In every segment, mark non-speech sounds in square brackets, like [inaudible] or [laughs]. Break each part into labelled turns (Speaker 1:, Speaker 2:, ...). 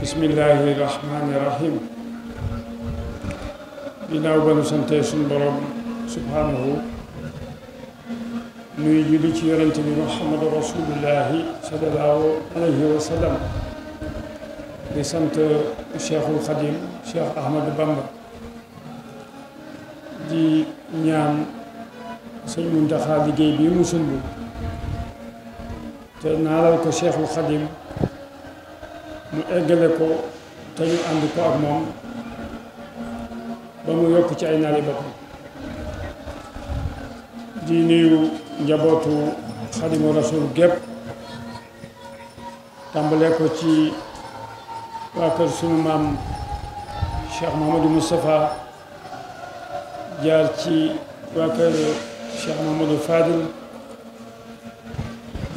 Speaker 1: bismillahi rahmaani rahim ginnaaw ba nu santee suñ borom subhaanahu nuy julli ci yonente bi muhammadu rasulillahi sallallahu alayhi wa sallam di sant cheikhul xadim cheikh ahmadou di ñaan sëñ Muntaxa liggéey bi mu sumb te naalal ko cheikhul xadim mu eggale ko te ñu ànd ko ak moom ba mu yokk ci ay naari boppam di nuyu njabootu Xaadimu Rasuul gépp tàmbale ko ci waa kër sunu maam Cheikh Mouhamadou Moustapha jaar ci waa kër Cheikh Mouhamadou Fadil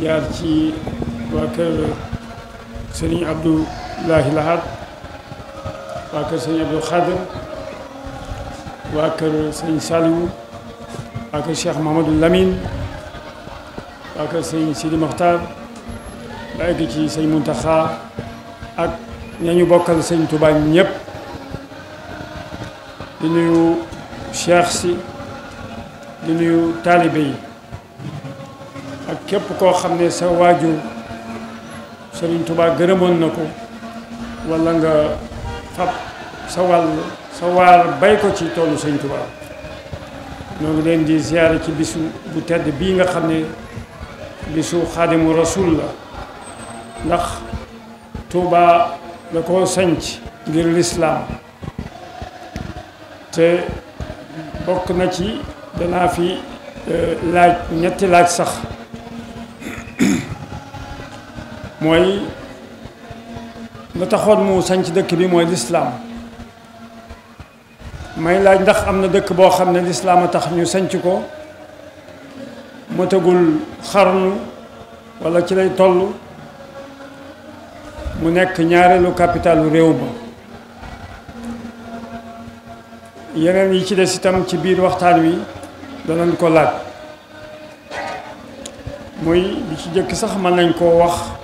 Speaker 1: jaar ci waa kër sëriñ Abdoulahi Lahad waa kër sëriñ Abdou Khadr waa kër sëriñ Saliou waa kër Cheikh Mahamadou Lamine waa kër sëriñ Sidi Mokhtar ba egg ci sëriñ Mountakha ak ñañu bokkal sëriñ Touba ñëpp di nuyu Cheikh si di nuyu taalibe yi ak képp koo xam ne sa waajur Sëriñ Tuubaa gërëmoon na ko walla nga fab sa wàll sa waar bay ko ci toolu Sëriñ Tuubaa ñoo ngi leen di ziyaare ci bisu bu tedd bii nga xam ne bisu xaadimu rasul la ndax Tuubaa da koo sanc ngir lislaam te bokk na ci danaa fi eh, laaj ñetti laaj sax mooy la taxoon mu sanc dëkk bi mooy lislaam may laaj ndax am na dëkk boo xam ne lislaam a tax ñu sanc ko matagul xarnu walla ci lay toll mu nekk ñaareelu capitalu réew ba yeneen yi ci des itam ci biir waxtaan wi danañ ko laaj muy bi ci jëkk sax mën nañ koo wax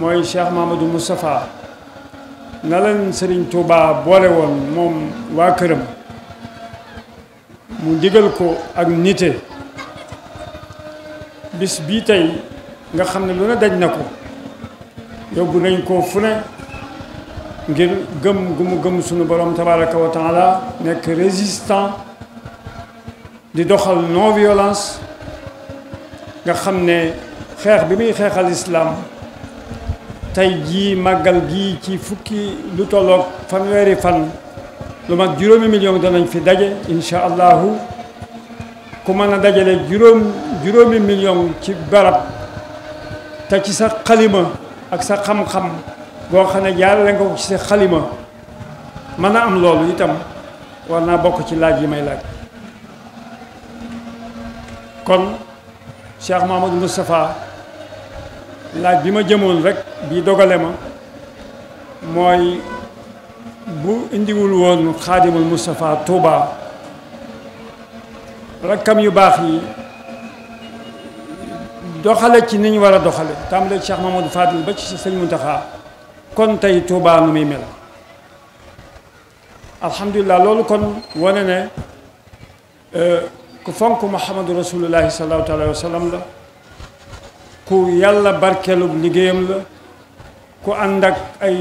Speaker 1: mooy Cheikh Mamadou Moustapha na leen Serigne Touba boole woon moom waa këram mu digal ko ak nite bis bii tey nga xam ne lu ne daj na ko yóbbu nañ ko fu ne ngir gëm gu mu gëm sunu borom tabaraka wa taala nekk résistant di doxal non violence nga xam ne xeex bi muy xeexal islam tey jii màggal gii ci fukki lu tolloog fanweeri fan lu mat juróomi million danañ fi daje incha allahu ku mën a dajale juróom juróomi million ci barab te ci sa xalima ak sa xam-xam boo xam ne jaarale nga ko ci sa xalima mën a am loolu itam war naa bokk ci laaj yi may laaj kon Cheikh Mahamadou Moustapha laaj bi ma jëmoon rek bi dogale ma mooy bu indiwul woon xaadimul Moustapha Touba rakkam yu baax yi doxale ci ni ñu war a doxale tàmbale Cheikh Mamadou Fadil ba ci sëñ Muntaxa kon tey Touba nu muy mel alhamdulilah loolu kon wane ne euh, ku fonk Muhammadu Rasulullahi sallallahu alayhi wa sallam la ku yàlla barkeelub liggéeyam la ku ànd ak ay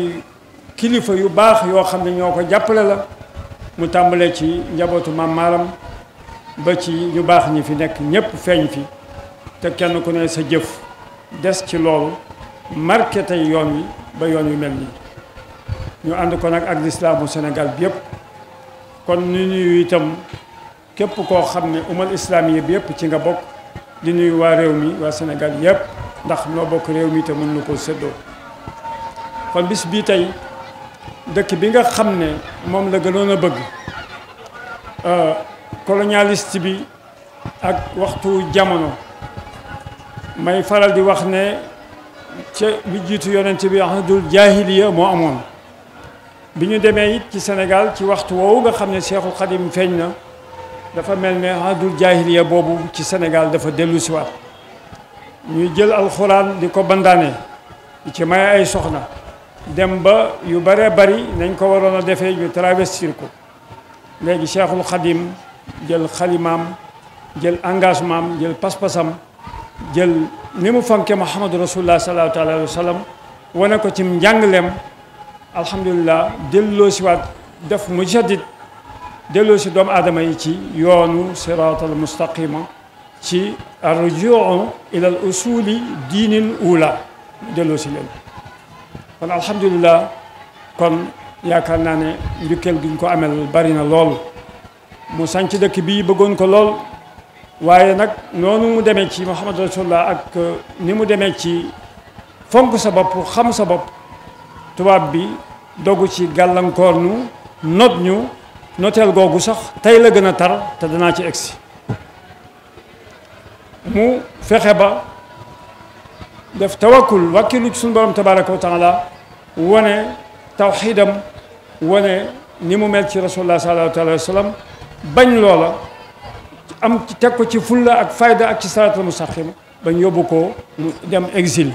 Speaker 1: kilifa yu baax yoo xam ne ñoo ko jàppale la mu tàmbalee ci njabootu maam maaram ba ci ñu baax ñi fi nekk ñépp feeñ fi te kenn ku ne sa jëf des ci loolu marqué tey yoon wi ba yoon wi mel nii ñu ànd ko nag ak lislaamu Sénégal bi yépp kon ni ñuy itam képp koo xam ne umal islaamiya bi yépp ci nga bokk di nuyu waa réew mi waa Sénégal yëpp ndax noo bokk réew mi te mën na koo séddoo kon bis bii tey dëkk bi nga xam ne moom la gënoon a bëgg euh, colonialiste bi ak waxtu jamono may faral di wax ne ca lu jiitu yonent bi ahdul jaahiliya moo amoon bi ñu demee it ci Sénégal ci waxtu woowu nga xam ne Seexul Xadim feeñ na dafa mel ne hadul jaahiliya boobu ci Sénégal dafa dellu siwaat ñuy jël alxuraan di ko bandaane ci may ay soxna dem ba yu bare bari nañ ko waroon a defee ñu travestir ko léegi cheikhul xadim jël xalimaam jël engagement am jël pas jël ni mu fanke muhammadu rasulullah sallallahu taala alayhi wa sallam wane ko ci njàngaleem alhamdulilah delloo siwaat def mujaddid delloo si doomu aadama yi ci yoonu siraatal mustaqima ci arrujuu ila al usuli diinil ula delloo si leen kon alhamdulilah kon yaakaar naa ne njukkeel gi ñu ko amel bari na lool mu sanc dëkk bi bëggoon ko lool waaye nag noonu mu demee ci Muhammad rasulullah ak euh, ni mu demee ci fonk sa bopp xam sa bopp tubaab bi dogu ci gàllankoor nu not ñu noteel googu sax tey la gën a tar te danaa ci egsi mu fexe ba def tawakkul wàkkilu ci suñu borom tabaraka wa taala wane tawxiidam wone ni mu mel ci rasulullah sallallahu alayhi wa sallam bañ loola am teg ko ci fulla ak fayda ak ci saratal mustaqim bañ yóbbu ko mu dem exil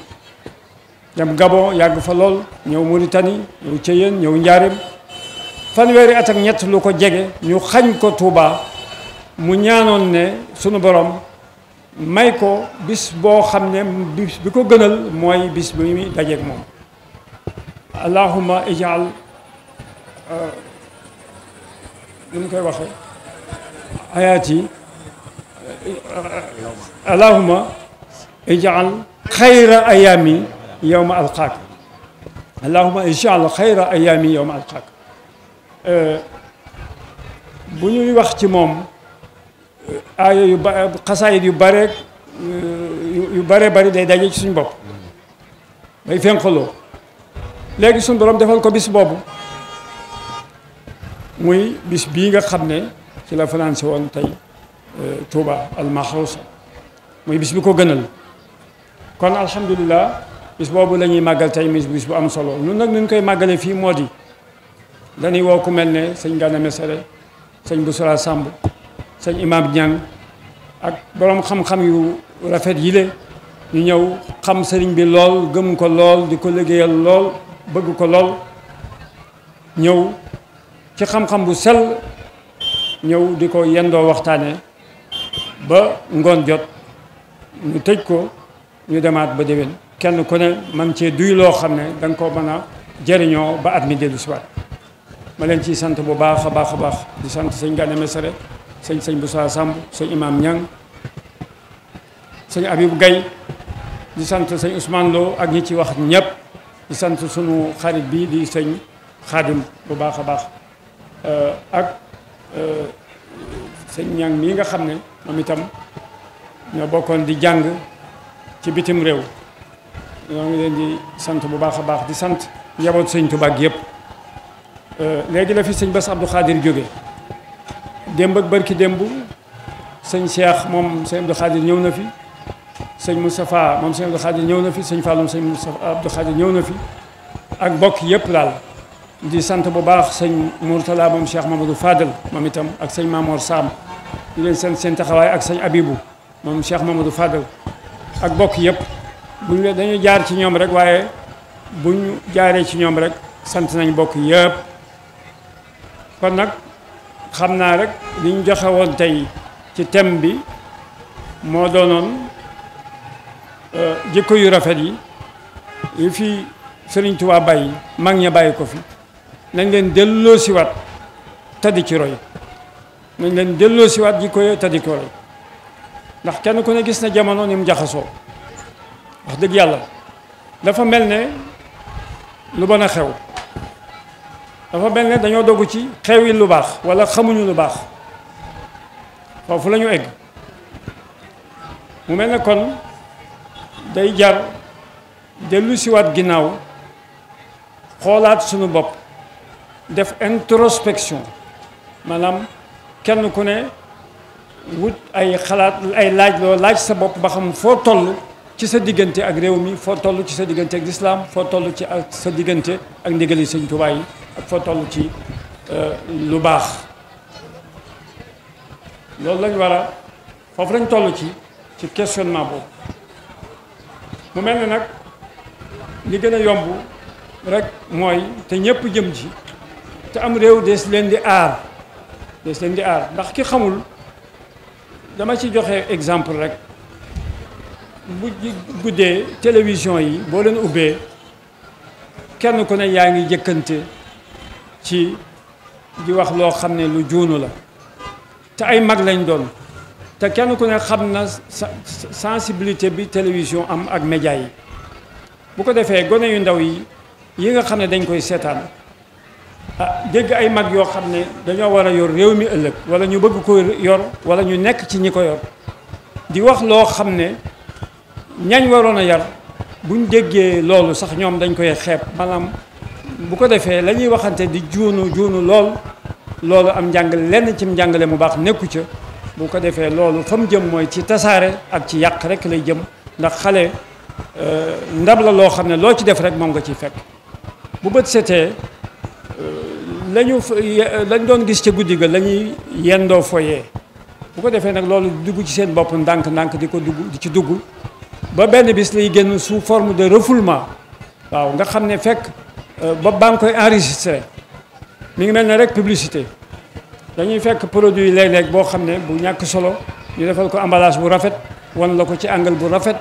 Speaker 1: dem Gabon yàgg fa lool ñëw Mauritanie ñëw Ceyeen ñëw Njaarim fanweeri at ñett lu ko jege ñu xañ ko Touba mu ñaanoon ne sunu boroom may ko bis boo xam ne bi ko gënal mooy bis bi muy dajeeg moom allahuma ijal uh, nu mu koy waxe ayaati uh, uh, allahuma ijal xayra ayaami yowma alqaaka allahuma ijal xayra ayaami yowma alqaaka Euh, bu ñuy wax ci moom euh, aaya yu ba xasaayit yu bare euh, yu bare bari day daje ci suñ bopp day fenqaloo léegi suñu borom defal ko bis boobu muy bis bii nga xam ne ci la financé woon tey Touba almaxrusa muy bis bi ko gënal kon alhamdulilah bis boobu la ñuy màggal tey mis bis bu am solo ñun nag ñu koy màggalee fii moo di dañuy woo ku mel ne sëñ Gana Messere sëñ Boussora Samb sëñ Imam jàng ak boroom xam-xam yu rafet yi le ñu ñëw xam sëriñ bi lool gëm ko lool di ko liggéeyal lool bëgg ko lool ñëw ci xam-xam bu sel ñëw di ko yendoo waxtaane ba ngoon jot ñu tëj ko ñu demaat ba déwén kenn ko ne man cee duy loo xam ne da ko mën a jëriñoo ba at mi dellu si ma leen ciy sant bu baax a baax a baax di sant sëñ Gane Mesere sëñ sëñ Boussa Samb sëñ Imam Niang sëñ Abib Gaye di sant sëñ Ousmane Lo ak ñi ci wax ñëpp di sant sunu xarit bi di sëñ Xaadim bu baax a baax euh, ak euh, sëñ Niang mii nga xam ne moom itam ñoo bokkoon di jàng ci bitim réew ñoo leen di sant bu baax a baax di sant njaboot sëñ Tuubaa yëpp Euh, léegi la fi sëñ Bass Abdou Khadir jóge démb ak barki démb sëñ Cheikh moom sëñ Abdou Khadir ñëw na fi sëñ Moustapha moom sëñ Abdou Khadir ñëw na fi sëñ Falloum sëñ Moustapha Abdou ñëw na fi ak bokk yëpp laal di sant bu baax sëñ Mourtala moom Cheikh Mamadou Fadel moom itam ak sëñ Mamor Sam di leen seen seen taxawaay ak sëñ abibu moom Cheikh Mamadou Fadel ak bokk yëpp bu ñu dañuy jaar ci ñoom rek waaye bu ñu jaaree ci ñoom rek sant nañ bokk yëpp. kon nag xam naa rek li jaxewoon joxe tey ci thème bi moo doonoon euh, jikko yu rafet yi li fi Sëriñ Tuubaa bàyyi mag ña bàyyi ko fi nañ leen delloo siwaat taddi ci roy nañ leen delloo siwaat jikko yooyu taddi ko roy ndax kenn ku ne gis na jamono ni mu jaxasoo wax dëgg yàlla dafa mel ne lu bon a xew dafa mel dañoo dogg ci xewi lu baax wala xamuñu lu baax foofu la ñu egg mu mel ne kon day jar dellu siwaat ginnaaw xoolaat suñu bopp def introspection maanaam kenn ku ne wut ay xalaat ay laaj loo laaj sa bopp ba xam foo toll ci sa diggante ak réew mi foo tollu ci sa diggante ak lislaam foo tollu ci ak sa diggante ak ndigali sëñ Tuubaa yi ak foo tollu ci euh, lu baax loolu lañ war a foofu lañ toll ci ci questionnement boobu mu mel ne nag li gën a yomb rek mooy te ñëpp jëm ji te am réew des leen di aar leen di aar ndax ki xamul dama ci joxe exemple rek bu guddee télévision yi boo leen ubbee kenn ku ne yaa ngi jëkkante ci di wax loo xam ne lu juunu la te ay mag lañ doon te kenn ku ne xam na sensibilité bi télévision am ak média yi bu ko defee gone yu ndaw yi yi nga xam ne dañ koy seetaan ah dégg ay mag yoo xam ne dañoo war a yor réew mi ëllëg wala ñu bëgg ko yor wala ñu nekk ci ñi ko yor di wax loo xam ne ñañ waroon a yar buñ déggee loolu sax ñoom dañ koy xeeb maanaam bu ko defee la ñuy waxante di juunu juunu lool loolu am njàngale lenn ci njàngale mu baax nekku ca bu ko defee loolu fa mu mooy ci tasaare ak ci yàq rek lay jëm ndax xale euh, ndab la loo xam ne loo ci def rek moom nga ciy fekk bu bët setee euh, lañu lañ doon gis ca guddi ga la yendoo foyee bu ko defee nag loolu dugg ci seen bopp ndànk-ndànk di ko dugg di ci dugg ba benn bis lay génn sous forme de refoulement waaw nga xam ne fekk euh, ba baa ngi koy enregistré mi ngi mel ne rek publicité dañuy fekk produit yi léeg-léeg boo xam ne bu ñàkk solo ñu defal ko emballage bu rafet wan la ko ci angle bu rafet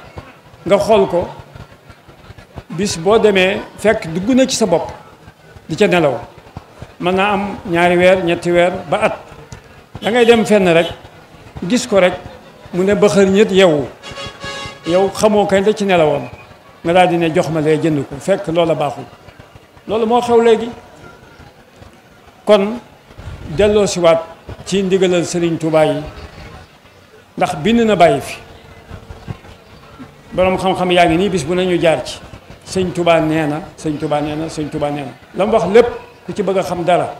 Speaker 1: nga xool ko bis boo demee fekk dugg na ci sa bopp di ca nelaw mën naa am ñaari weer ñetti weer ba at da ngay dem fenn rek gis ko rek mu ne ba xër ñett yeewu yow xamoo kañ la ci nelawoon nga daal di ne jox ma lee jënd ko fekk loola baaxul loolu moo xew léegi kon delloo siwaat ci ndigalal sëriñ Tuubaa yi ndax bind na bàyyi fi boroom xam-xam yaa ngi nii bis bu nañu jaar ci sëñ Tuubaa nee na sëñ Tuubaa nee na sëñ Tuubaa nee na la mu wax lépp ku ci bëgg a xam dara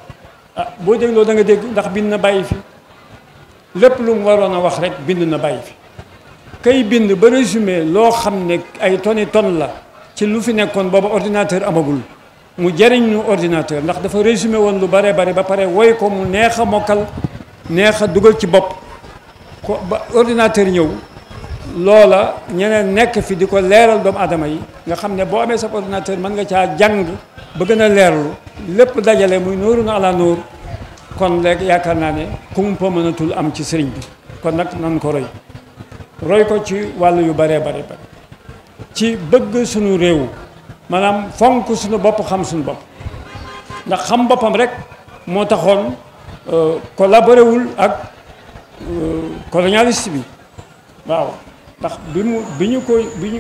Speaker 1: ah, boo dégloo danga nga dégg ndax bind na bàyyi fi lépp lu mu waroon a wax rek bind na bàyyi fi kay bind ba résumé loo xam ne ay toni ton la ci lu fi nekkoon booba ordinateur amagul mu jëriñ ñu ordinateur ndax dafa résumé woon lu bare bare ba pare woy ko mu neex a mokkal neex a dugal ci bopp ko ba ordinateur ñëw loola ñeneen nekk fi di ko leeral doomu aadama yi nga xam ne boo amee sa ordinateur man nga caa jàng ba gën a leerlu lépp dajale muy nooru naa ala noor kon léegi yaakaar naa ne kumpa mënatul am ci sëriñ bi kon nag nan ko roy roy ko ci wàll yu baree bare bare ci bëgg suñu réew maanaam fonk suñu bopp xam suñu bopp ndax xam boppam rek moo taxoon euh, collaboré wul ak euh, colonialiste bi waaw ndax bi mu bi ñu ko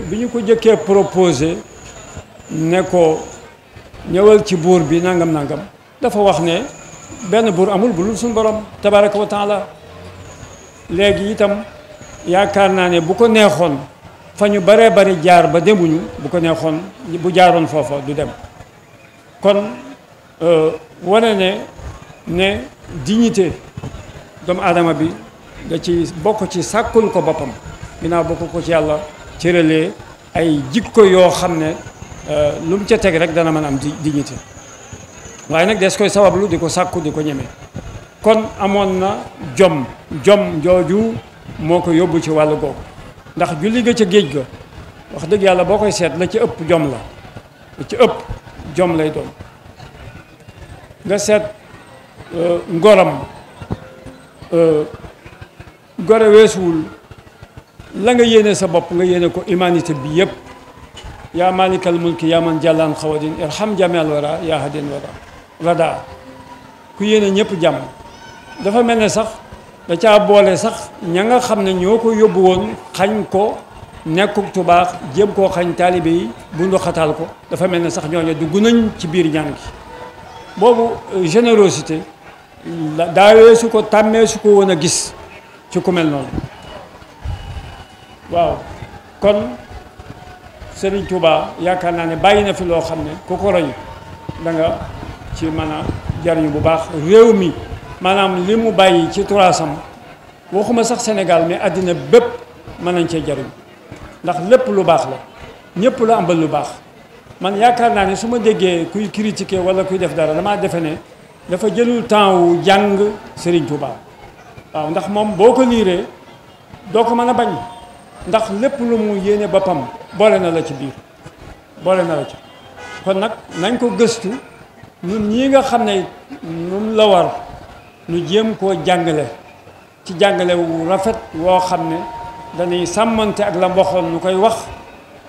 Speaker 1: bi ñu ko jëkkee proposé ne ko ñëwal ci buur bi nangam nangam dafa wax ne benn buur amul bu dul suñu borom tabaraka wa taala léegi itam yaakaar naa ne bu ko neexoon fa ñu baree bari jaar ba demuñu bu ko neexoon bu jaaroon foofa du dem kon euh, wane ne ne dignité doomu aadama bi da ci bokk ci sàkkul ko boppam ginnaaw bokk ko ci yàlla cëralee ay ko yoo xam ne euh, lu mu ca teg rek dana mën am dignité waaye nag des koy sabablu di ko sàkku di ko ñeme kon amoon na jom jom jooju moo ko yóbbu ci wàllu googu ndax julli ga ca géej ga wax dëgg yàlla boo koy seet la ci ëpp jom la la ci ëpp jom lay doon nga seet euh, ngoram euh, gore weesuwul la nga yéene sa bopp nga yéene ko humanité bi yépp yaa maalikal mulki yaa man jàllaan xawadin irham jameel wara yaa hadin wara rada ku yéene ñëpp jàmm dafa mel ne sax da caa boole sax ña nga xam ne ñoo ko yóbbu woon xañ ko nekkuk tubaax jéem koo xañ taalibe yi bundu xataal ko dafa mel ne sax ñooñu dugg nañ ci biir ñaan gi boobu euh, générosité daawee su ko tàmmee su ko woon a gis ci ku mel noonu waaw kon Serigne Touba yaakaar naa ne bàyyi na fi loo xam ne ku ko roy danga ci mën a jariñu bu baax réew mi maanaam li mu bàyyi ci turaasam waxuma sax Sénégal mais àddina bépp mën nañ cee jariñ ndax lépp lu baax la ñëpp la ambal lu baax man yaakaar naa ne su ma déggee kuy critiquer wala kuy def dara damaa defe ne dafa jëlul temps wu jàng Serigne Touba waaw ndax moom boo ko liiree doo ko mën a bañ ndax lépp lu mu yéene boppam boole na la ci biir boole na la ci kon nag nañ ko gëstu ñun ñi nga xam ne ñun la war. nu jéem koo jàngale ci jàngale wu rafet woo xam ne dañuy sàmmante ak la waxoon nu koy wax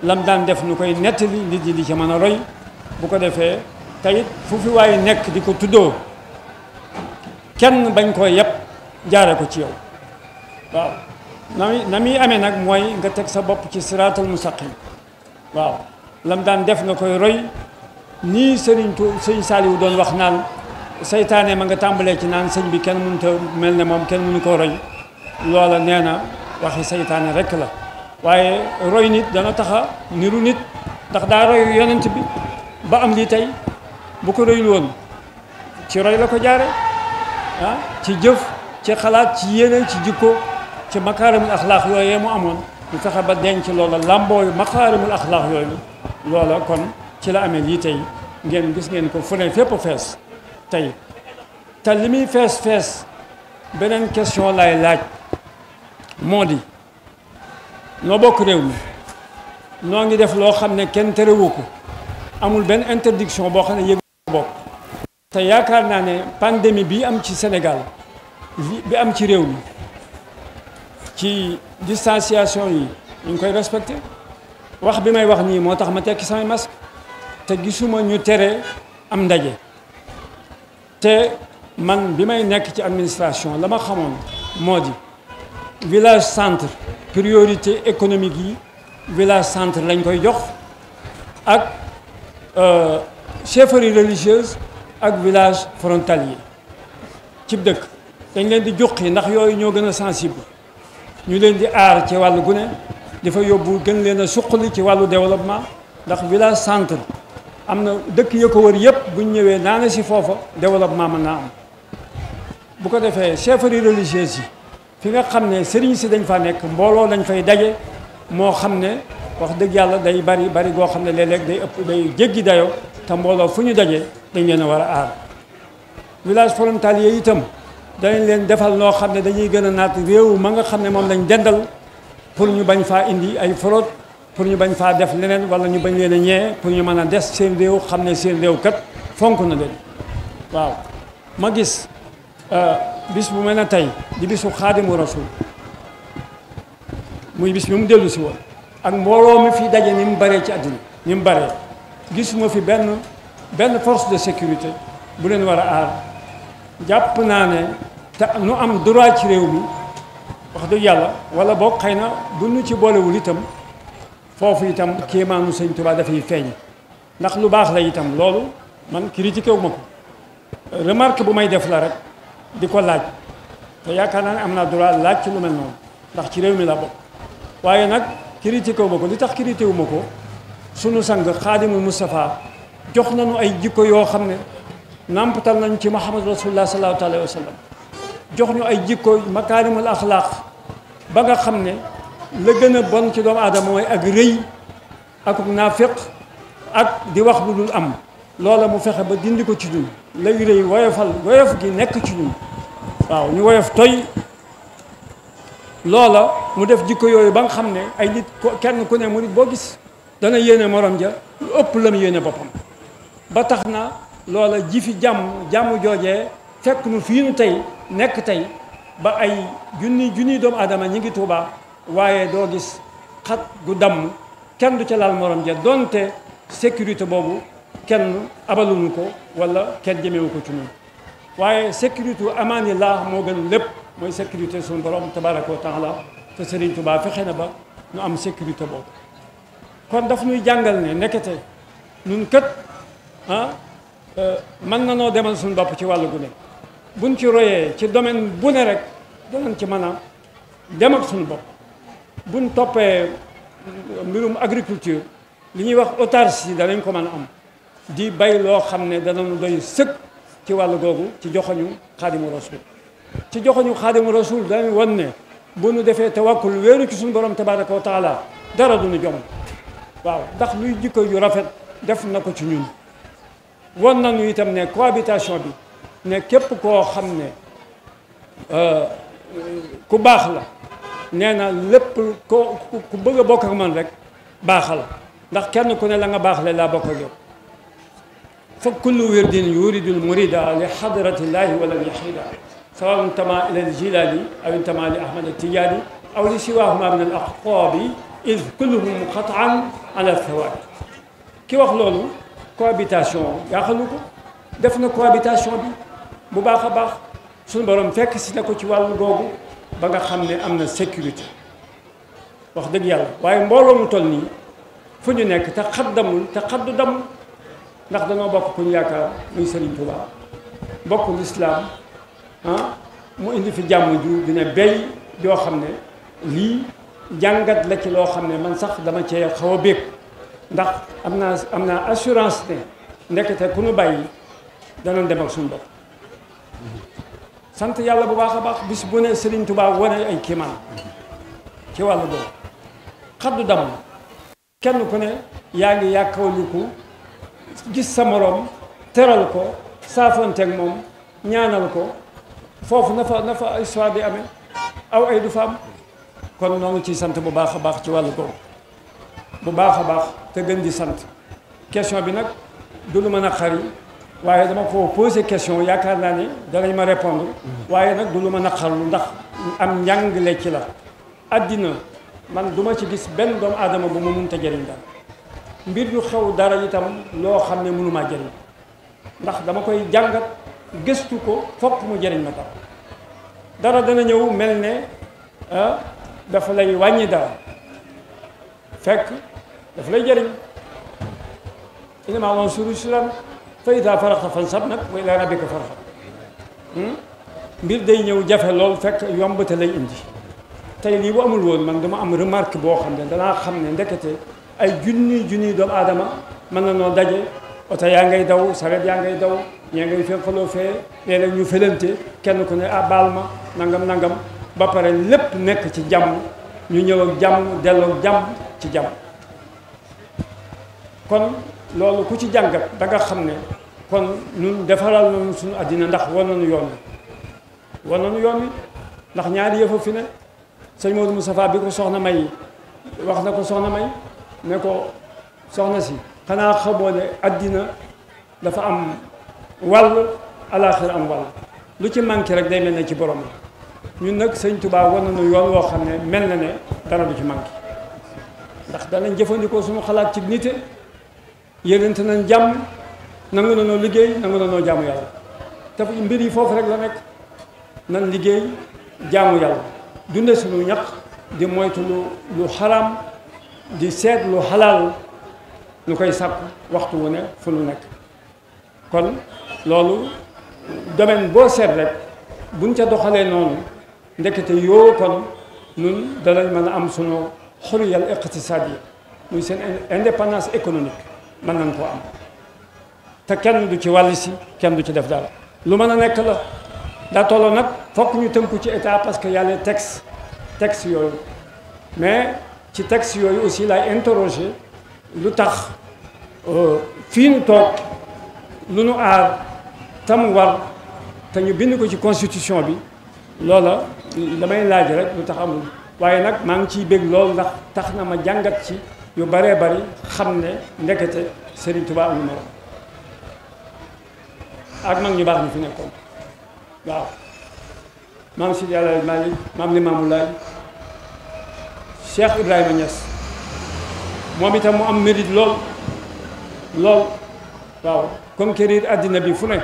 Speaker 1: lam daan def nu koy nettali nit ñi di ci mën a roy bu ko defee tayit fu fi waaye nekk di ko tuddoo kenn bañ koo yëpp jaare ko ci yow waaw na muy na muy amee nag mooy nga teg sa bopp ci siraatal mustaqim waaw lam daan def nga koy roy nii sëriñ tu sëriñ Saaliwu doon wax naan seytaane ma nga tàmbalee ci naan sëñ bi kenn mënut a mel ne moom kenn mënu koo roy loola nee na waxi seytaane rek la waaye roy nit dana taxa niru nit ndax daa roy yonent bi ba am lii tey bu ko royul woon ci roy la ko jaare ah, ci jëf ci xalaat ci yéene ci jikko ci makaarimul axlaax yooyee mu amoon ñu fexe ba denc loola làmbooyu makaarimul axlaax yooyu loola kon ci la amee lii tey ngeen gis ngeen ko fu ne fépp fees tey te li muy fees fees beneen question lay laaj moo di noo bokk réew mi noo ngi def loo xam ne kenn terewu ko amul benn interdiction boo xam ne yëgu bokk te yaakaar naa ne pandémie bi am ci Sénégal bi am ci réew mi ci distanciation yi ñu ngi koy respecté wax bi may wax nii moo tax ma tekki samay masque te gisuma ñu tere am ndaje te man bi may nekk ci administration la ma xamoon moo di village centre priorité économique yi village centre lañ koy jox ak euh, chefferie religieuse ak village frontalier cib dëkk dañ leen di juqi ndax yooyu ñoo gën a sensible ñu leen di aar ci wàll gune dafa yóbbu gën leen a suqali ci wàllu développement ndax village centre am na dëkk ya ko wër yëpp bu ñëwee naane si foofa développement mën naa am bu ko defee chefferie religieuse yi fi nga xam ne sëriñ si dañ fa nekk mbooloo dañ fay daje moo xam ne wax dëgg yàlla day bari bari goo xam ne léeg-léeg day ëpp day jéggi dayo te mbooloo fu ñu daje dañ leen a war a aar village frontalier yi itam dañ leen defal noo xam ne dañuy gën a naat réew ma nga xam ne moom lañ dendal pour ñu bañ faa indi ay fraude pour ñu bañ faa def leneen wala ñu bañ leen a ñee pour ñu mën a des seen réew xam ne seen réew kat fonk na leen waaw ma gis euh, bis bu mel ne tey di bisu xaadimu rasul muy mu dellu si woon ak mbooloo mi fi daje ni mu baree ci àddina ni mu baree gisuma fi benn benn force de sécurité bu leen war a aar jàpp naa ne te nu am droit ci réew bi wax dëgg yàlla wala boog xëy na bu nu ci boolewul itam foofu itam kéemaanu sëñ Tuubaa dafay feeñ ndax lu baax la itam loolu man critiqué wu ma ko remarque bu may def la rek di ko laaj te yaakaar naa ne am naa droit laaj ci lu mel noonu ndax ci réew mi la bokk waaye nag critiqué wu ma ko li tax critiqué wu ma ko sunu sang xaadimul Moustapha jox nañu ay jikko yoo xam ne nàmpatal nañu ci Muhammad rasulullah sallallahu alayhi wa sallam jox ñu ay jikko makaarimul axlaaq ba nga xam ne la gën a bon ci doomu aadama mooy ak rëy akuk naafiq ak di wax lu dul am loola mu fexe ba dindi ko ci ñun lay rëy woyofal woyof gi nekk ci ñun waaw ñu woyof toy loola mu def jikko yooyu ba nga xam ne ay nit kenn ku ne murit boo gis dana yéene morom ja lu ëpp la mu yéene boppam ba tax na loola ji jàmm jàmm joojee fekk nu fii nu tey nekk tey ba ay junni junni doomu aadama ñi ngi Tuubaa waaye doo gis xat gu damm kenn du ca laal morom ja donte sécurité boobu kenn abaluñu ko wala kenn jëmewu ko ci ñun waaye sécurité amaani laa moo gën lépp mooy sécurité suñu borom tabaraka wa taala te Serigne Touba fexe na ba nu am sécurité boobu kon daf ñuy jàngal ne nekkete nun kët ah euh, mën na noo demal suñu bopp ci wàllu gu ne buñ ci royee ci domaine bu ne rek danañ ci mën a dem ak suñu bopp buñ toppee mbirum agriculture li ñuy wax autarcie yi danañ ko mën a am di bay loo xam ne danañu doy sëkk ci wàll googu ci joxoñu xaadimu rasul ci joxoñu xaadimu rasul dañu wan ne bu nu defee tawakkul wéeru ci suñu borom tabaraka wa taala dara duñu jom waaw ndax luy jikko yu rafet def na ko ci ñun wan nañu itam ne cohabitation bi ne képp koo xam ne euh, ku baax la nee na lépp ko ku bëgg a bokk ak man rek baaxal ndax kenn ku ne la nga baaxle la bokk ak yow fa kullu wirdin yuridul murida li la wala yaxida sawaun tama ila aljilali aw intama li ahmad atijani aw li siwahuma min al aqtabi id kulluhum qataan ala thawab ki wax loolu cohabitation yaaxalu ko def na cohabitation bi bu baax a baax suñu borom fekk si na ko ci wàllu googu ba nga xam ne am na sécurité wax dëgg yàlla waaye mbooloo mu toll nii fu ñu nekk te xat damul te xaddu damul ndax dañoo bokk ku ñu yaakaar muy Serigne Touba bokk lislaam ah mu indi fi jàmm ju dina béy yoo xam ne lii jàngat la ci loo xam ne man sax dama cee xaw bépp ndax am naa am naa assurance ne ndekete ku nu bàyyi danañ dem ak suñu bopp sant yàlla bu baax a baax bis bu ne Serigne Touba wane ay kiimaan ci wàllu boobu xaddu dam kenn ko ne yaa ngi yàkkawliku gis sa moroom teral ko saafonteeg moom ñaanal ko foofu na fa na histoire di amee aw ay du fa am kon noonu ciy sant bu baax a baax ci wàllu boobu bu baax a baax te gën di sant question bi nag du lu mën a xari waaye dama ko posé question yaakaar naa ni danañ ma répondre waaye nag du lu ma naqarlu ndax am njàngale ci la addina man duma ci gis benn doomu aadama bu ma te jëriñ dara mbir yu xew dara itam loo xam ne mënumaa jëriñ ndax dama koy jàngat gëstu ko fokk mu jëriñ ma tam dara dana ñëw mel ne ah, dafa lay wàññi dara fekk dafa lay jëriñ inamaa woon suru sulam fa ida faraxta fansab nag wa ila rabbika farxab mbir day ñëw jafe lool fekk yomb te lay indi tey lii bu amul woon man dama am remarque boo xam ne danaa xam ne ndekete ay junni junni doomu aadama mën na noo daje oto yaa ngay daw saret yaa ngay daw ñee ngay fekkaloo fee léeg-léeg fëlante kenn ku ne ah baal ma nangam nangam ba pare lépp nekk ci jàmm ñu ñëw ak jàmm delloo jàmm ci jàmm kon loolu ku ci jàngat da xam ne kon ñun defaral nañu suñu àddina ndax war nañu yoon wi war nañu yoon wi ndax ñaari yëfa fi ne sëñ Modou Moustapha bi ko soxna may wax na ko soxna may ne ko soxna si xanaa xamoo ne àddina dafa am wàll alaaxira am wàll lu ci manqué rek day mel na ci borom la ñun nag sëñ Touba war nañu yoon woo xam ne mel na ne dara du ci manqué ndax danañ jëfandikoo suñu xalaat ci nite yéenante nañ jàmm nangu na noo liggéey nangu na noo jaamu yàlla te mbir yi foofu rek la nekk nan liggéey jaamu yàlla dunde suñu ñaq di moytu lu lu di seet lu xalaal lu koy sàpp waxtu wu ne fu lu nekk kon loolu domaine boo seet rek buñ ca doxalee noonu ndekete yoo kon nun danañ mën a am suñu xuriyal iqtisaad yi muy seen indépendance économique mën nañ koo am te kenn du ci wàll si kenn du ci def dara lu mën a nekk la daa tolloo nag fokk ñu tënku ci état parce que y a les textes textes yooyu mais ci textes yooyu aussi laay interroger lu tax euh, fii nu toog lu nu aar tam war te ñu bind ko ci constitution bi loola damay laaj rek lu tax amul waaye nag maa ngi ciy bég loolu ndax tax na ma jàngat ci yu baree bari xam ne ndekete Serigne Touba amul morom ak mag ñu baax ñu fi nekkoon waaw maam Sidi Alaaji Maalik maam Limaamu Laay Cheikh Ibrahima ñes moom itam mu am mérite lool lool waaw conquérir àddina bi fu ne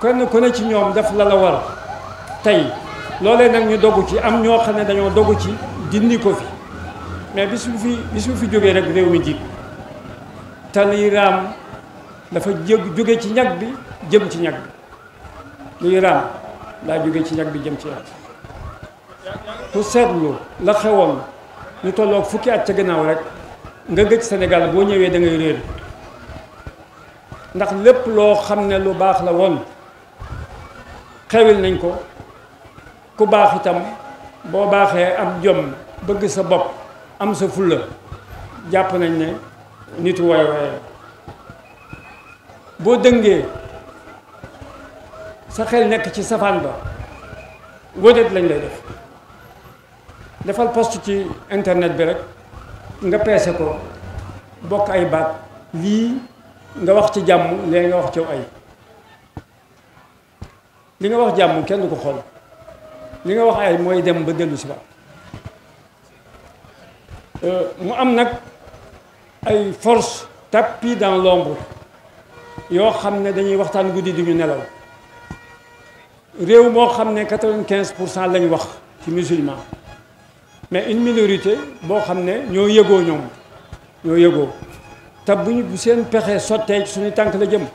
Speaker 1: kenn ku ne ci ñoom daf la la war tey loolee nag ñu dogg ci am ñoo xam ne dañoo dogg ci dindi ko fi mais bis bu fi bis bu fi jógee rek réew mi jiit tali raam dafa jég jóge ci ñag bi jëm ci ñag bi luy raam daa jóge ci ñag bi jëm ci ñag ku seetlu la xewoon ñu tolloog fukki at ca gannaaw rek nga gëj Sénégal boo ñëwee da ngay réer ndax lépp loo xam ne lu baax la woon xewil nañ ko ku baax itam boo baaxee am jom bëgg sa bopp am sa fulla jàpp nañ ne nitu way waye boo dëngee sa xel nekk ci safaan ba wóodeet lañ lay def defal post ci internet bi rek nga peese ko bokk ay baat lii nga wax ci jàmm lee nga wax ci ay li nga wax jàmm kenn du ko xool li nga wax ay mooy dem ba dellu si ba Euh, mu am nag ay force tapi dans l'ombre yoo xam ne dañuy waxtaan guddi duñu nelaw réew moo xam ne quatre-vingt-quinze pour cent lañ wax ci musulman mais une minorité boo xam ne ñoo yëgoo ñoom ñoo yëgoo te bu ñu bu seen pexe sottee ci suñu tànk la jëm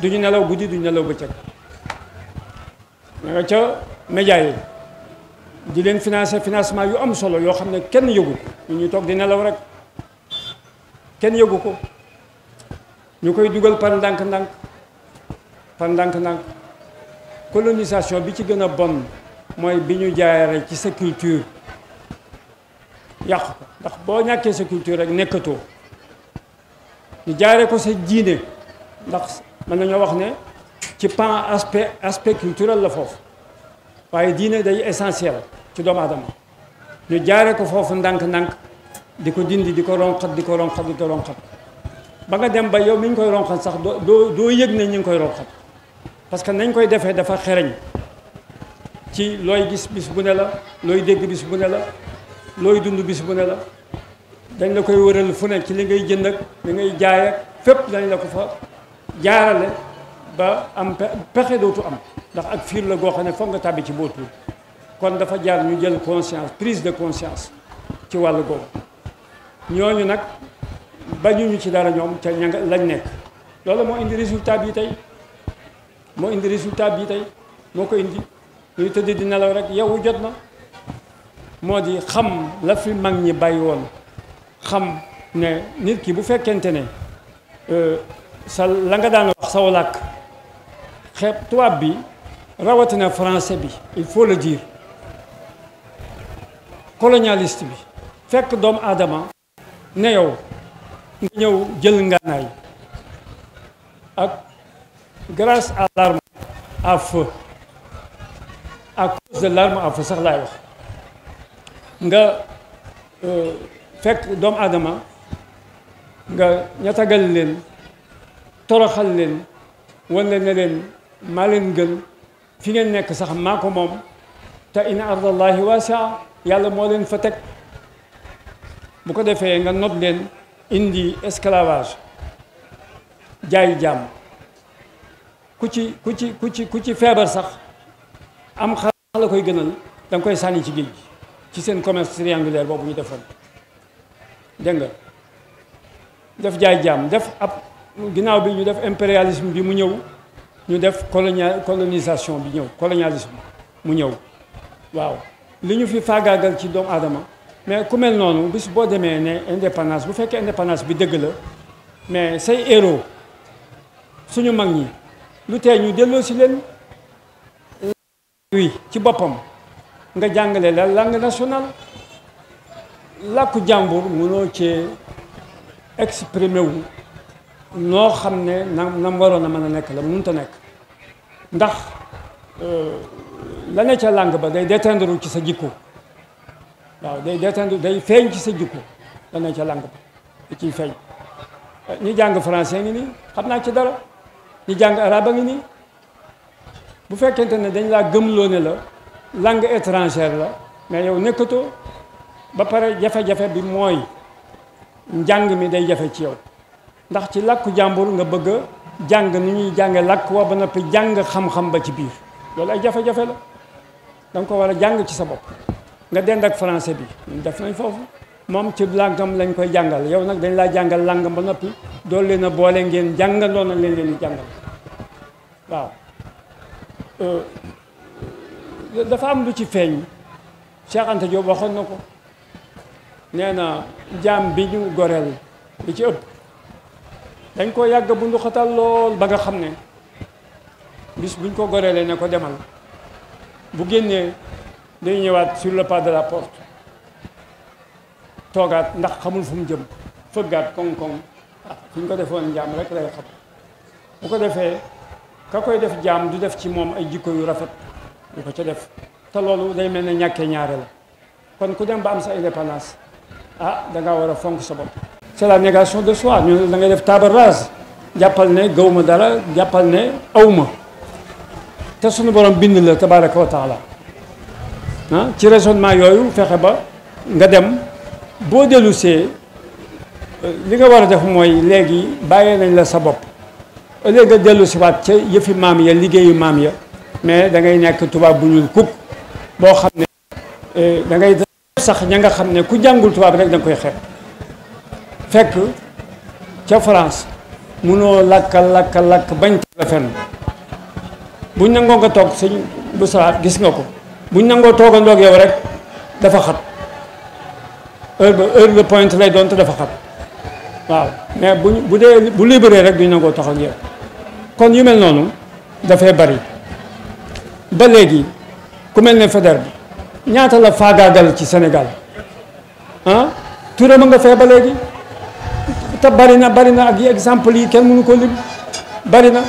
Speaker 1: duñu nelaw guddi duñu nelaw bëccëg nga ca média yi di leen financer financement yu am solo yoo xam ne kenn yëgu ko ñu ñuy toog di nelaw rek kenn yëgu ko ñu koy dugal par ndànk-ndànk par ndànk-ndànk colonisation bi ci gën a bon mooy bi ñu jaayare ci sa culture yàq ko ndax boo ñàkkee sa culture rek nekkatoo ñu jaare ko sa diine ndax mën nañoo wax ne ci pan aspect aspect culturel la foofu waaye diine day essentiel ci doomu aadama ñu jaare ko foofu ndànk-ndànk di ko dindi di ko ronxat di ko ronxat di ko ronxat ba nga dem ba yow mi ñu koy ronxat sax doo doo yëg ne ñu ngi koy ronxat parce que nañ koy defee dafa xereñ ci looy gis bis bu ne la looy dégg bis bu ne la looy dund bis bu ne la dañ la koy wëral fu ne ci li ngay jënd ak li ngay jaay ak fépp dañ la ko fa jaarale ba am pexe dootu am ndax ak fiir la goo xam ne foog nga tàbbi ci bootul kon dafa jaar ñu jël conscience prise de conscience ci wàllu googu ñooñu nag bañuñu ci dara ñoom ca ña lañ nekk loolu moo indi résultat bi tey moo indi résultat bi tey moo ko indi ñuy tëdd di nelaw rek yow jot na moo di xam la fi mag ñi bàyyi woon xam ne nit ki bu fekkente ne euh, sa la nga daan wax saw làkk xeeb tubaab bi rawatina français bi il faut le dire colonialiste bi fekk doomu aadama ne yow nga ñëw jël ngànnaay ak grâce à l'arme à de l'arme à sax laay wax nga euh, fekk doomu aadama nga ñatagal leen toroxal leen wala ne leen maa leen gën fi ngeen nekk sax maa moom te in ardallahi waasia yàlla moo leen fa teg bu ko defee nga not leen indi esclavage jaay jàmm ku ci ku ci ku ci ku ci feebar sax am xar la koy gënal da nga koy sànni ci géej gi ci seen commerce triangulaire boobu ñu defoon dégg nga def jaay jàmm def ab ginnaaw bi ñu def impérialisme bi mu ñëw ñu def colonia colonisation bi ñëw colonialisme mu ñëw waaw li ñu fi faagaagal ci doomu aadama mais ku mel noonu bis boo demee ne indépendance bu fekkee indépendance bi dëgg la mais say héros suñu mag ñi lu tee ñu delloo si leen wi ci boppam nga jàngale la langue nationale làkku jàmbur mënoo cee exprimer noo xam ne na nam waroon a mën a nekk la mënut a nekk ndax euh, la ca langue ba day déteindre ci sa waaw day déteindre day feeñ ci sa jikko la ca langue ba da ciy feeñ ñi jàng français ngi xam naa ci dara ñi jàng arabe ngi nii bu fekkente ne dañ laa gëmloo la langue étrangère la mais yow nekkatoo ba pare jafe-jafe bi mooy njàng mi day jafe ci yow ndax ci làkku jàmbur nga bëgg jàng ni ñuy jànge làkk waa ba noppi jàng xam-xam ba ci biir loolu ay jafe-jafe la danga ko war a jàng ci sa bopp nga dend ak français bi def nañ foofu moom ci làngam lañ koy jàngal yow nag dañ laa jàngal làngam ba noppi dool leen a boole ngeen jàngandoo na leen leen di jàngal waaw euh, dafa am lu ci feeñ Cheikh Anta Diop waxoon na ko nee na jaam bi ñu goreel li ci ëpp dañ koo yàgg bu nduxatal ba nga xam ne bis buñ ko goreelee ne ko demal bu génnee day ñëwaat sur le pas de la porte toogaat ndax xamul fu jëm fëggaat koŋ-koŋ ah fi ñu ko defoon jaam rek lay xam bu ko defee ka koy def jaam du def ci moom ay jikko yu rafet du ko ca def te loolu day mel ne ñàkkee ñaare la kon ku dem ba am sa indépendance ah danga war a fonk sa bopp. c'est la négation de soi ñu da ngay def table rase jàppal ne gawma dara jàppal ne awma te suñu borom bind la tabaraka wa taala ah ci raisonnement yooyu fexe ba nga dem boo dellusee li nga war a def mooy léegi bàyyee nañ la sa bopp ëllëg nga dellusiwaat ca yëfi maam ya liggéeyu maam ya mais da ngay nekk tubaab bu ñuul kub boo xam ne eh, da ngay sax ña nga xam ne ku jàngul tubaab rek danga koy xeeb fekk ca France munoo lakka lakka lakk bañ teg la fenn buñ nangoo nga toog sëñ bu saat gis nga ko buñ nangoo toogandoo ak yow rek dafa xat heure ba heure de pointe lay doon te dafa xat waaw mais bu bu dee bu libéré rek duñ nangoo tax ak yow kon yu mel noonu dafay bari ba léegi ku mel ne Faidherbe bi ñaata la faagaagal ci Sénégal ah turam a nga fee ba léegi te bari na bari na ak yi exemple yi kenn mënu ko lim bari na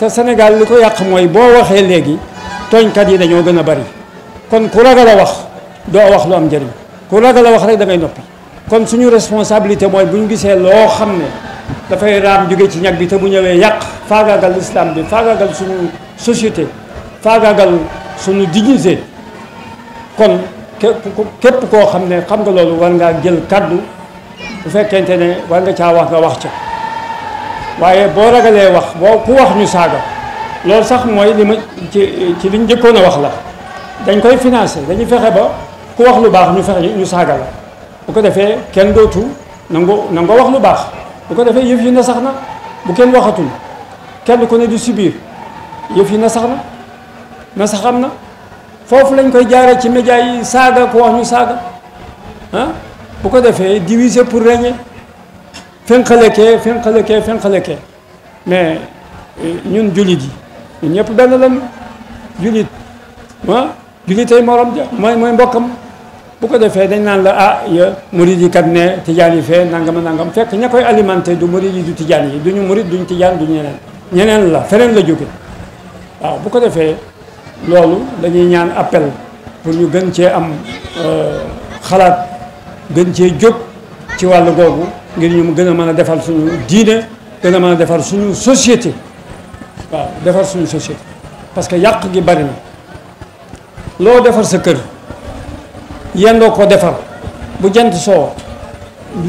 Speaker 1: te Sénégal li ko yàq mooy boo waxee léegi tooñkat yi dañoo gën a bari kon ku ragal a wax doo wax lu am njëriñ ku ragal a wax rek da noppi kon suñu responsabilité mooy bu ñu gisee loo xam ne dafay raam jóge ci ñag bi te bu ñëwee yàq faagaagal islam bi faagaagal suñu société faagaagal suñu dignité kon képp koo xam ne xam nga loolu war ngaa jël kàddu bu fekkente ne war nga caa wax nga wax ca waaye boo ragalee wax boo ku wax ñu saaga loolu sax mooy li ma ci ci liñ njëkkoon a wax la dañ koy financé dañuy fexe ba ku wax lu baax ñu fexe ñu saaga la bu ko defee kenn dootu nango nango wax lu baax bu ko defee yëf yi na sax na bu kenn waxatul kenn ku ne du subir yëf yi na sax na na sax am na foofu lañ koy jaaree ci média yi saaga ku wax ñu saaga ah. bu ko defee diviser pour régner fenqale kee fenqale kee fenqale kee mais euh, ñun jullit yi ñun ñëpp benn lañu jullit ah jullitay morom ja mooy mooy mbokkam bu ko defee dañ naan la ah ya murid yi kat ne tijaan yi fee nangam nangam fekk ña koy alimenté du murid yi du tijaan yi duñu murid duñu tijaan du ñeneen ñeneen la feneen la jóge waaw bu ko defee loolu dañuy ñaan appel pour ñu gën cee am euh, xalaat gën cee jóg ci wàll googu ngir ñu mu gën a mën a defar suñu diine gën a mën a defar suñu société waaw defar suñu société parce que yàq gi bari na loo defar sa kër yendoo ko defar bu jant soo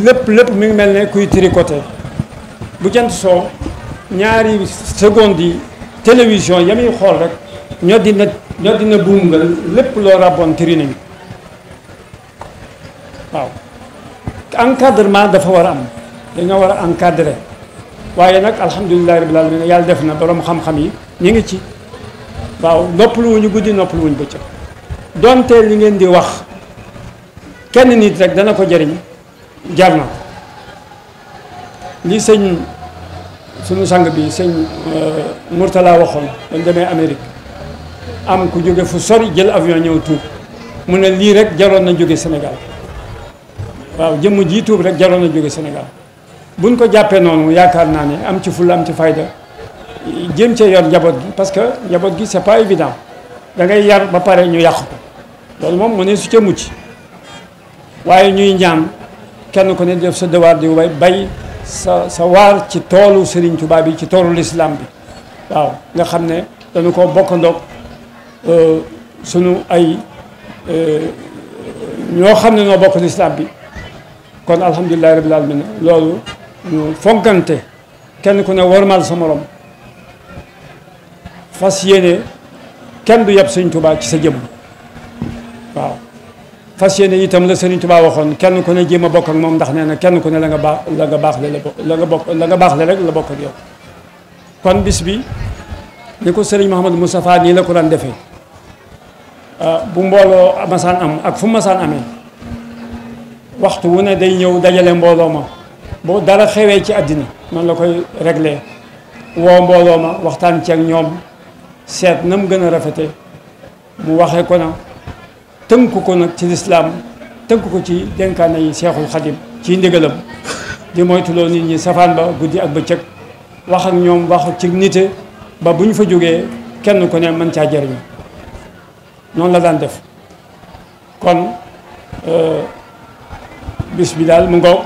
Speaker 1: lépp lépp mi ngi mel ne kuy tricoté bu jant soow ñaari seconde yi télévision ya muy xool rek ñoo dina ñoo dina buum nga lépp loo ràbboon tiri nañu encadrement dafa war a am dañoo war a encadrer waaye nag alhamdulilah rabbil alamin yàlla def na boroom xam-xam yi ñu ngi ci waaw noppalu wuñu guddi noppalu wuñu bëccëg donte li ngeen di wax kenn nit rek dana ko jariñ jar na li sëñ suñu sang bi sëñ euh, Mourtala waxoon dañ demee Amérique am ku jóge fu sori jël avion ñëw tuub mu ne lii rek jaroon na jóge Sénégal waaw jëmm ji tuub rek jaroon na jóge Sénégal buñ ko jàppee noonu yaakaar naa ne am ci fulla am ci fayda jéem cee yor njaboot gi parce que njaboot gi c'est pas évident da ngay yar ba pare ñu yàq ko loolu moom mu ne su ca mucc waaye ñuy ñaan kenn ku ne def sa devoir di way bay sa sa waar ci toolu Serigne Touba bi ci toolu l'islam bi waaw nga xam ne dañu ko bokkandoog euh, sunu ay euh, ñoo xam ne noo bokk l'islam bi kon alhamdulilahi rabil alamin loolu ñu fonkante kenn ku ne warmal sa moroom fas yéene kenn du yab sëñ tubaa ci sa jëmm waaw fas yéene itam la sëriñ tubaa waxoon kenn ku ne jéem a bokk ak moom ndax nee na kenn ku ne la nga baax la nga baax le la la nga bokk la nga baax le rek la bokk ak yow kon bis bi ni ko sëriñ Mouhamadou Moustapha nii la ko daan defee ah, bu mbooloo masaan am ak fu masaan amee waxtu wu ne day ñëw dajale mbooloo ma boo dara xewee ci àddina noonu la koy réglé woo mbooloo ma waxtaan ci ak ñoom seet na mu gën a rafete mu waxe ko na tënk ko nag ci lislaam tënk ko ci dénkaane yi seexul xadim ci ndigalam di moytuloo nit ñi safaan ba guddi ak bëccëg wax ak ñoom wax ci nite ba bu ñu fa jógee kenn ku ne mën caa jëriñu noonu la daan def kon euh, bis bi daal mu ngaw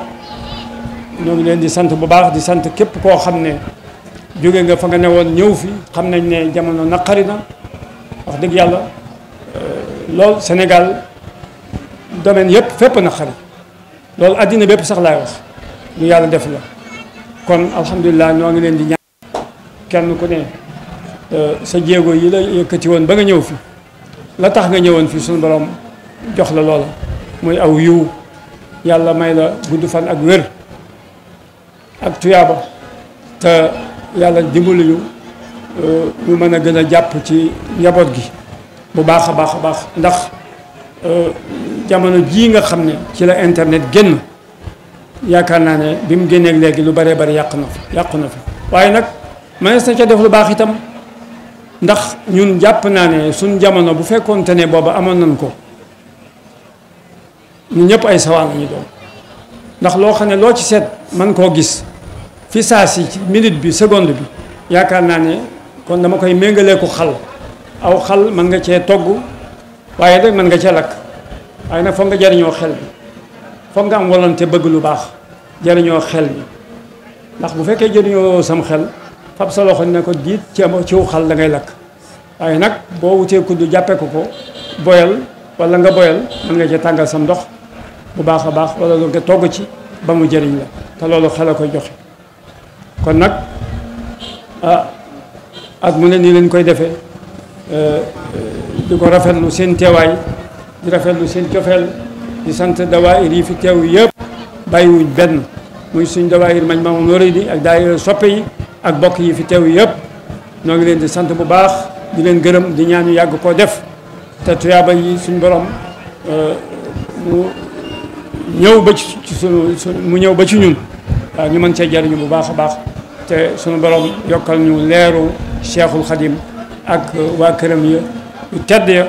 Speaker 1: ñoo ngi leen di sant bu baax di sant képp koo xam ne jóge nga fa nga ne woon ñëw fi xam nañ ne jamono naqari na wax dëgg yàlla euh, lool Sénégal domaine yëpp fépp naqari loolu àddina bépp sax laay wax lu yàlla def la kon alhamdulilah ñoo ngi leen di ñaan kenn ku ne euh, sa jéego yi la yëkkati woon ba nga ñëw fi la tax nga ñëwoon fi suñu borom jox la loola muy aw yiw yàlla may la gudd fan ak wér ak tuyaaba te yàlla dimbali ñu euh, ñu mën a gën a jàpp ci njaboot gi bu baax a baax a baax ndax euh, jamono jii nga xam ne ci la internet génn yaakaar naa ne bi mu génneeg léegi lu baree bari yàq na fi yàqu na fi waaye nag mënees na ca def lu baax itam ndax ñun jàpp naa ne suñ jamono bu fekkoonte ne booba amoon nañ ko ñun ñëpp ay sawaan la ñu doon ndax loo xam ne loo ci seet man koo gis fi saa si ci minute bi seconde bi yaakaar naa ne kon dama koy méngalee ko xal aw xal mën nga cee togg waaye rek mën nga cee lakk waaye nag foog nga jariñoo xel bi foog nga am volonté bëgg lu baax jariñoo xel bi ndax bu fekkee jëriñoo sam xel fab sa loxo ne ko diit ci ciw xal da ngay lakk waaye nag boo wutee kudd jàppee ko ko boyal wala nga boyal mën nga cee tàngal sam ndox bu baax a baax wala nga togg ci ba mu jëriñ la te loolu xel a koy joxe kon nag a ah, ak mu ne nii lañ koy defee euh, euh, di ko rafet rafetlu seen teewaay di rafetlu seen cofeel di sant dawaayir yi fi teew yëpp bàyyiwuñ benn muy suñ dawaayir mañ ma nooree di ak daayira soppe yi ak bokk yi fi teew yëpp ñoo ngi leen di sant bu baax di leen gërëm di ñaanu yàgg koo def te tuyaaba yi suñ boroom euh, ñëw ba ci sunu mu ñëw ba ci ñun waaw ñu mën cee jariñu bu baax a baax te sunu boroom yokkal ñu leeru cheikhul xadim ak waa këram ya yu tedd ya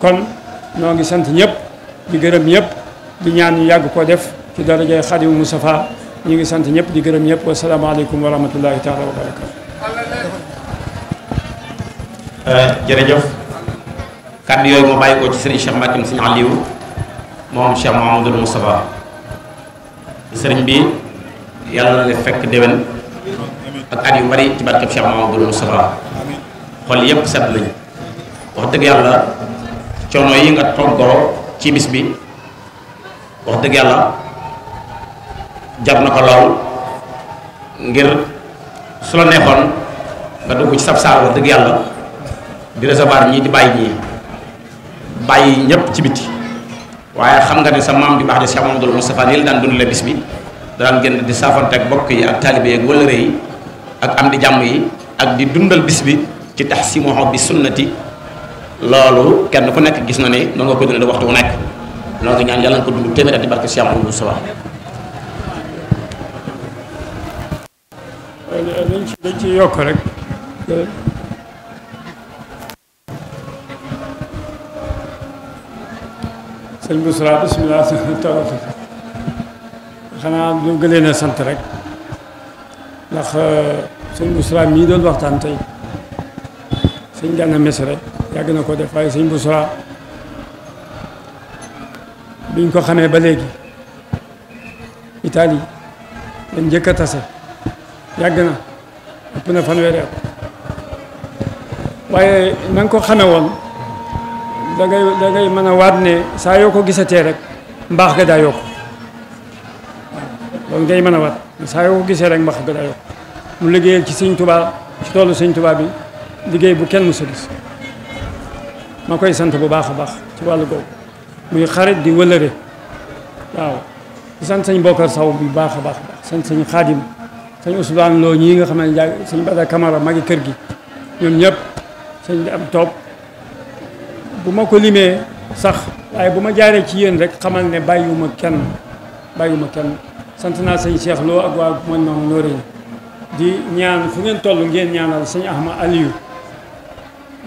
Speaker 1: kon ñoo ngi sant ñëpp di gërëm ñëpp di ñaan ñu yàgg koo def ci darajay xadimu Mustafa ñu ngi sant ñëpp di gërëm ñëpp wasalaamaaleykum wa rahmatullahi taala wa barakatu jërëjëf kàddu yooyu moo bàyyi ko ci sëriñ Cheikh Mbacke sëriñ Aliou moom Cheikh Mouhamadul Moustapha sëriñ bi yàlla la fekk déwén ak at yu bari ci barkeb Cheikh Mouhamadul Moustapha xol yépp set nañ wax dëgg yàlla coono yi nga toggoo ci bis bi wax dëgg yàlla jar na ko lool ngir su la neexoon nga dugg ci sab saal wax dëgg yàlla di recevoir ñii di bàyyi ñii bàyyi ñépp ci biti waaye xam nga ne sa maam ju baax di Cheikh Mamadou Moustapha nii la daan dund la bis bi daan génn di saafante ak bokk yi ak taalibe yi ak wëllëre yi ak am di jàmm yi ak di dundal bis bi ci tax si moo bi sunnati loolu kenn ku nekk gis na ni noonu nga koy dundal waxtu wu nekk loolu ñaan yàlla na ko dund téeméer at di barke Cheikh Mamadou Moustapha dañ ci yokk sëñ Bousra bisimilah [laughs] tawati xanaa du gëlee sant rek ndax euh, sëñ Bousra mii doon waxtaan tey sëñ Gana Messere yàgg na ko def waaye sëñ Bousra biñ ko xamee ba léegi Italie dañ njëkk a tase yàgg na ëpp na fanweeri at waaye na ko xamee woon da ngay da ngay mën a waat ne saa yoo ko gisatee rek mbaax ga daa yokk loolu ngay mën a waat saa yoo ko rek mbaax ga daa mu liggéeyal ci sëñ tubaa ci toolu sëñ tubaab bi liggéey bu kenn mësul gis ma koy sant bu baax a baax ci wàll googu muy xarit di wëlëre waaw di sañ sëñ bokkar saw bi baax a baax sant sëñ xaadim sëñ Ousmane Lo ñii nga xam ne sëñ Bada Camara magi kër gi ñoom ñëpp sëñ am topp bu ma ko limee sax waaye bu ma jaaree ci yéen rek xamal ne ma kenn ma kenn sant naa sëñ Cheikh Lo ak waa ma noonu Noreyni di ñaan fu ngeen toll ngeen ñaanal sëñ ama Aliou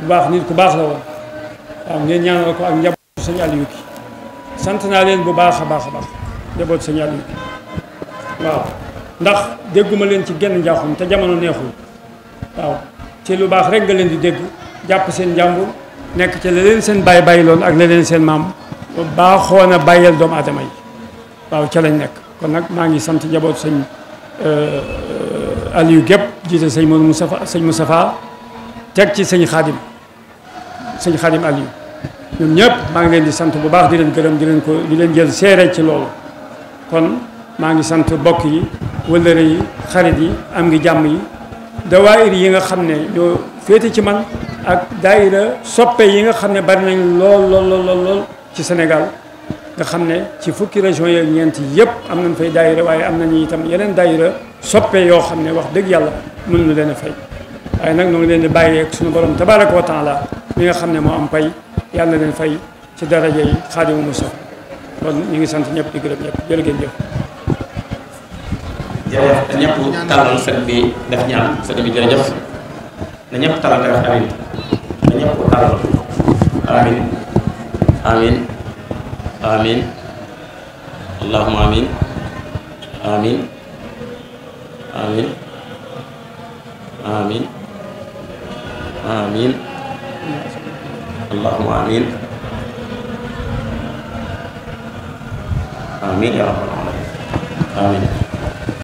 Speaker 1: bu baax nit ku baax la woon waaw ngeen ñaanal ko ak njabootu sëñ Aliou ki sant naa leen bu baax a baax a baax njabootu sëñ Aliou ki waaw ndax dégguma leen ci genn njaaxum te jamono neexul waaw te lu baax rek nga leen di dégg jàpp seen njàmbur nekk ca la leen seen bàyyi bàyyi loon ak la leen seen maam baaxoo na bàyyeel doomu aadama yi waaw ca lañ nekk kon nag maa ngi sant njaboot sëñ euh, Aliou gépp jiite sëñ Modou Moustapha sëñ Moustapha teg ci sëñ Xaadim sëñ Xaadim Aliou ñoom ñëpp maa ngi leen di sant bu baax di leen gërëm di leen ko di leen jël seere ci loolu kon maa ngi sant bokk yi wëllëre yi xarit yi am ngi jàmm yi dawaayir yi nga xam ne ñoo féete ci man ak daayira soppe yi nga xam ne bari nañ lool lool lool lool ci Sénégal nga xam ne ci fukki région yeeg ñeent yëpp am nañ fay daayira waaye am nañu itam yeneen daayira soppe yoo xam ne wax dëgg yàlla mën nu leen a fay waaye nag ñoo ngi leen di bàyyi ak suñu borom tabaraka wa la mi nga xam ne moo am pay yàlla na leen fay ci daraja yi xaadimu so kon ñu ngi sant ñëpp di gërëm ñëpp jërë ngeen def ñaan sëñ bi jërëjëf na ñëpp talal te wax amin na ñëpp talal amin amin amin amin amin amin amin amin allahumma amin amin ya rabbal amin